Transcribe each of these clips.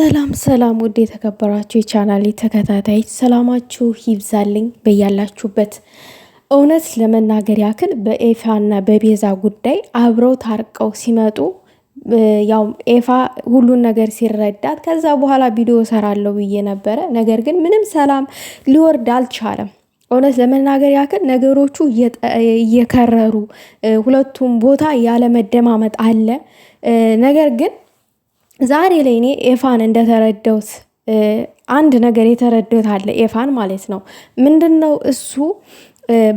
ሰላም ሰላም፣ ውድ የተከበራችሁ የቻናሌ ተከታታይ ሰላማችሁ ይብዛልኝ በያላችሁበት። እውነት ለመናገር ያክል በኤፋና በቤዛ ጉዳይ አብረው ታርቀው ሲመጡ ያው ኤፋ ሁሉን ነገር ሲረዳት ከዛ በኋላ ቪዲዮ ሰራለው ብዬ ነበረ። ነገር ግን ምንም ሰላም ሊወርድ አልቻለም። እውነት ለመናገር ያክል ነገሮቹ እየከረሩ ሁለቱም ቦታ ያለመደማመጥ አለ። ነገር ግን ዛሬ ላይ እኔ ኤፋን እንደተረዳሁት አንድ ነገር የተረዳሁት አለ። ኤፋን ማለት ነው ምንድን ነው እሱ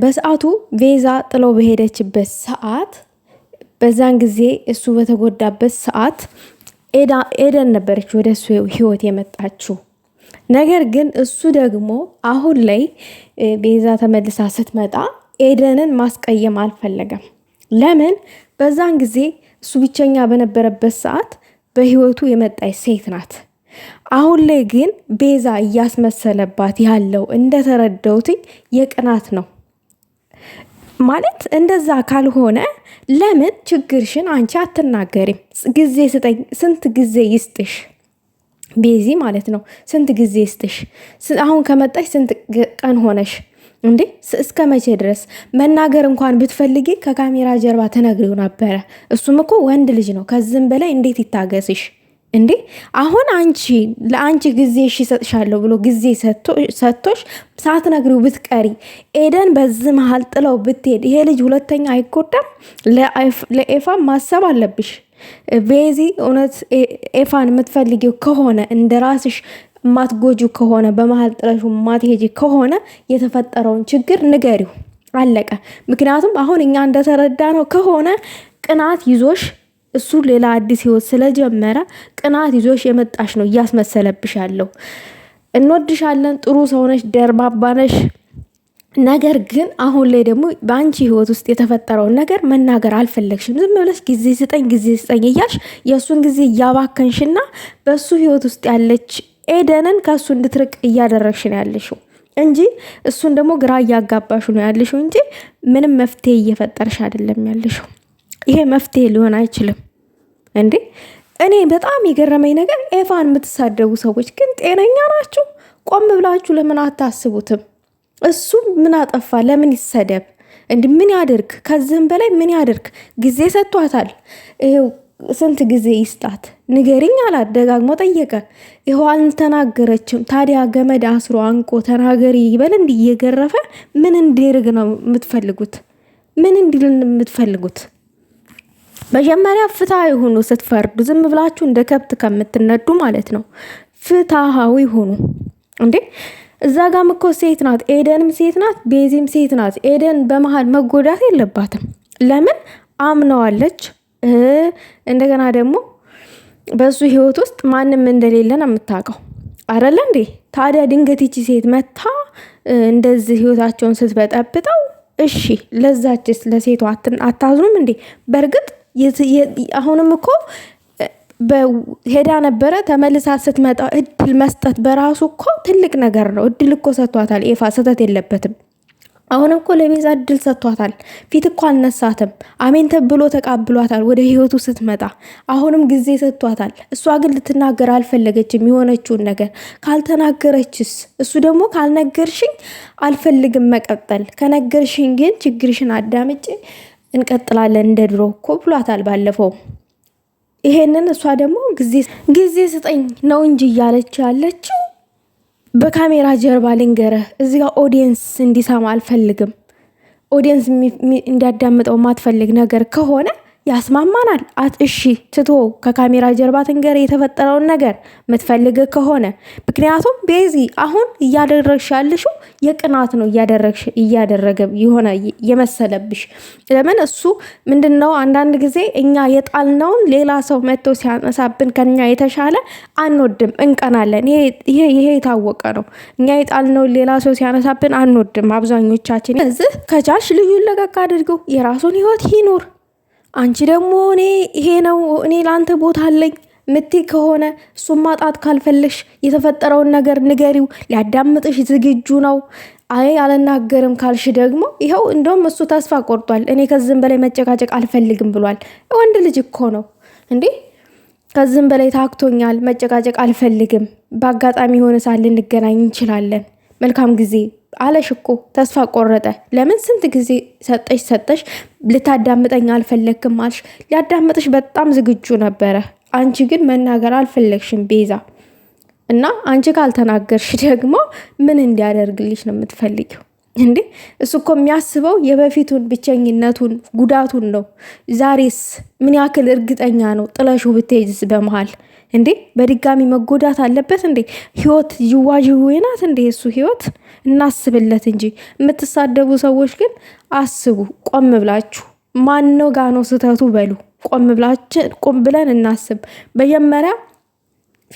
በሰዓቱ ቤዛ ጥሎ በሄደችበት ሰዓት በዛን ጊዜ እሱ በተጎዳበት ሰዓት ኤደን ነበረች ወደ እሱ ህይወት የመጣችው። ነገር ግን እሱ ደግሞ አሁን ላይ ቤዛ ተመልሳ ስትመጣ ኤደንን ማስቀየም አልፈለገም። ለምን በዛን ጊዜ እሱ ብቸኛ በነበረበት ሰዓት በህይወቱ የመጣች ሴት ናት። አሁን ላይ ግን ቤዛ እያስመሰለባት ያለው እንደተረዳውትኝ የቅናት ነው ማለት እንደዛ ካልሆነ ለምን ችግርሽን አንቺ አትናገሪም? ጊዜ ስጠኝ። ስንት ጊዜ ይስጥሽ ቤዚ ማለት ነው። ስንት ጊዜ ይስጥሽ? አሁን ከመጣሽ ስንት ቀን ሆነሽ? እንዴ እስከ መቼ ድረስ መናገር እንኳን ብትፈልጊ ከካሜራ ጀርባ ተነግሪው ነበረ። እሱም እኮ ወንድ ልጅ ነው። ከዚህም በላይ እንዴት ይታገስሽ እንዴ? አሁን አንቺ ለአንቺ ጊዜ ይሰጥሻለሁ ብሎ ጊዜ ሰጥቶሽ ሳትነግሪው ብትቀሪ፣ ኤደን በዚህ መሀል ጥለው ብትሄድ ይሄ ልጅ ሁለተኛ አይጎዳም? ለኤፋ ማሰብ አለብሽ። ቤዚ እውነት ኤፋን የምትፈልጊው ከሆነ እንደ ራስሽ ማትጎጁ ከሆነ በመሀል ጥለሹ ማትሄጂ ከሆነ የተፈጠረውን ችግር ንገሪው፣ አለቀ። ምክንያቱም አሁን እኛ እንደተረዳ ነው ከሆነ ቅናት ይዞሽ እሱ ሌላ አዲስ ህይወት ስለጀመረ ቅናት ይዞሽ የመጣሽ ነው እያስመሰለብሽ ያለው። እንወድሻለን፣ ጥሩ ሰውነሽ፣ ደርባባነሽ ነገር ግን አሁን ላይ ደግሞ በአንቺ ህይወት ውስጥ የተፈጠረውን ነገር መናገር አልፈለግሽም። ዝም ብለሽ ጊዜ ስጠኝ ጊዜ ስጠኝ እያልሽ የእሱን ጊዜ እያባከንሽና በእሱ ህይወት ውስጥ ያለች ኤደንን ከእሱ እንድትርቅ እያደረግሽ ነው ያለሽው እንጂ እሱን ደግሞ ግራ እያጋባሹ ነው ያለሽው እንጂ ምንም መፍትሄ እየፈጠርሽ አይደለም ያለሽው። ይሄ መፍትሄ ሊሆን አይችልም እንዴ! እኔ በጣም የገረመኝ ነገር ኤፋን የምትሳደቡ ሰዎች ግን ጤነኛ ናችሁ? ቆም ብላችሁ ለምን አታስቡትም? እሱ ምን አጠፋ? ለምን ይሰደብ? እንዲ ምን ያደርግ? ከዚህም በላይ ምን ያደርግ? ጊዜ ሰጥቷታል። ስንት ጊዜ ይስጣት ንገሪኝ አላት። ደጋግሞ ጠየቀ። ይኸው አልተናገረችም። ታዲያ ገመድ አስሮ አንቆ ተናገሪ ይበል እንዲ እየገረፈ ምን እንዲርግ ነው የምትፈልጉት? ምን እንዲል የምትፈልጉት? መጀመሪያ ፍትሐዊ ሁኑ ስትፈርዱ። ዝም ብላችሁ እንደ ከብት ከምትነዱ ማለት ነው። ፍትሐዊ ሁኑ እንዴ! እዛ ጋም እኮ ሴት ናት፣ ኤደንም ሴት ናት፣ ቤዚም ሴት ናት። ኤደን በመሀል መጎዳት የለባትም። ለምን አምነዋለች እንደገና ደግሞ በሱ ህይወት ውስጥ ማንም እንደሌለ ነው የምታውቀው አረለ እንዴ? ታዲያ ድንገት ይቺ ሴት መታ እንደዚህ ህይወታቸውን ስትበጠብጠው፣ እሺ ለዛችስ ለሴቷ አታዝኑም እንዴ? በእርግጥ አሁንም እኮ ሄዳ ነበረ ተመልሳ ስትመጣ እድል መስጠት በራሱ እኮ ትልቅ ነገር ነው። እድል እኮ ሰጥቷታል። ኤፋ ስህተት የለበትም። አሁን እኮ ለቤዛ እድል ሰጥቷታል። ፊት እኮ አልነሳትም። አሜን ተብሎ ተቃብሏታል። ወደ ህይወቱ ስትመጣ አሁንም ጊዜ ሰጥቷታል። እሷ ግን ልትናገር አልፈለገችም። የሆነችውን ነገር ካልተናገረችስ? እሱ ደግሞ ካልነገርሽኝ አልፈልግም መቀጠል፣ ከነገርሽኝ ግን ችግርሽን አዳምጬ እንቀጥላለን እንደ ድሮ እኮ ብሏታል ባለፈው ይሄንን እሷ ደግሞ ጊዜ ስጠኝ ነው እንጂ እያለች ያለችው በካሜራ ጀርባ ልንገርህ፣ እዚ ጋር ኦዲየንስ እንዲሰማ አልፈልግም። ኦዲየንስ እንዲያዳምጠው ማትፈልግ ነገር ከሆነ ያስማማናል። እሺ ትቶ ከካሜራ ጀርባ ትንገር የተፈጠረውን ነገር ምትፈልገ ከሆነ ምክንያቱም ቤዚ አሁን እያደረግሽ ያልሽው የቅናት ነው። እያደረግሽ እያደረገ የሆነ የመሰለብሽ ለምን እሱ ምንድን ነው አንዳንድ ጊዜ እኛ የጣልነውን ሌላ ሰው መጥቶ ሲያነሳብን ከኛ የተሻለ አንወድም፣ እንቀናለን። ይሄ የታወቀ ነው። እኛ የጣልነውን ሌላ ሰው ሲያነሳብን አንወድም አብዛኞቻችን። እዚህ ከቻልሽ ልዩን ለቀቅ አድርገው የራሱን ህይወት ይኑር። አንቺ ደግሞ እኔ ይሄ ነው እኔ ለአንተ ቦታ አለኝ ምት ከሆነ እሱም ማጣት ካልፈለሽ የተፈጠረውን ነገር ንገሪው። ሊያዳምጥሽ ዝግጁ ነው። አይ አልናገርም ካልሽ ደግሞ ይኸው እንደውም እሱ ተስፋ ቆርጧል። እኔ ከዚህም በላይ መጨቃጨቅ አልፈልግም ብሏል። ወንድ ልጅ እኮ ነው እንዴ! ከዚህም በላይ ታክቶኛል፣ መጨቃጨቅ አልፈልግም። በአጋጣሚ የሆነ ሳ ልንገናኝ እንችላለን። መልካም ጊዜ አለሽ እኮ ተስፋ ቆረጠ። ለምን ስንት ጊዜ ሰጠሽ ሰጠሽ፣ ልታዳምጠኝ አልፈለግክም አልሽ። ሊያዳምጥሽ በጣም ዝግጁ ነበረ። አንቺ ግን መናገር አልፈለግሽም ቤዛ። እና አንቺ ካልተናገርሽ ደግሞ ምን እንዲያደርግልሽ ነው የምትፈልጊው? እንዴ እሱ እኮ የሚያስበው የበፊቱን ብቸኝነቱን ጉዳቱን ነው። ዛሬስ ምን ያክል እርግጠኛ ነው ጥለሹ ብትሄጅስ በመሃል እንዴ በድጋሚ መጎዳት አለበት እንዴ? ህይወት ይዋዥ ናት እንዴ? እሱ ህይወት እናስብለት እንጂ። የምትሳደቡ ሰዎች ግን አስቡ፣ ቆም ብላችሁ ማነው ጋ ነው ስህተቱ? በሉ ቆም ብለን እናስብ መጀመሪያ።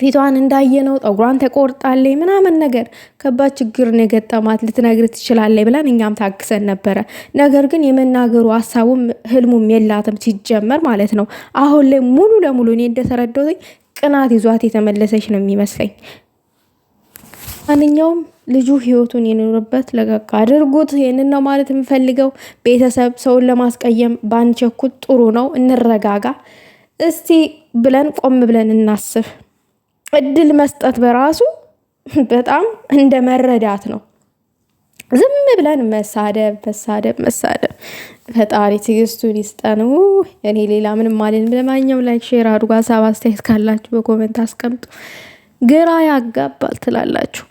ፊቷን እንዳየነው ጠጉሯን ተቆርጣለ ምናምን ነገር ከባድ ችግር ነው የገጠማት ልትነግር ትችላለ ብለን እኛም ታግሰን ነበረ። ነገር ግን የመናገሩ ሀሳቡም ህልሙም የላትም ሲጀመር ማለት ነው። አሁን ላይ ሙሉ ለሙሉ እኔ እንደተረዳሁት ቅናት ይዟት የተመለሰች ነው የሚመስለኝ። ማንኛውም ልጁ ህይወቱን የኖርበት ለቀቅ አድርጉት። ይህንን ነው ማለት የምፈልገው። ቤተሰብ ሰውን ለማስቀየም ባንቸኩት ጥሩ ነው። እንረጋጋ እስቲ ብለን ቆም ብለን እናስብ። እድል መስጠት በራሱ በጣም እንደ መረዳት ነው። ዝም ብለን መሳደብ መሳደብ መሳደብ። ፈጣሪ ትዕግስቱን ይስጠን። እኔ ሌላ ምንም አልልም። ለማንኛውም ላይክ፣ ሼር አድርጎ ሀሳብ አስተያየት ካላችሁ በኮመንት አስቀምጡ። ግራ ያጋባል ትላላችሁ።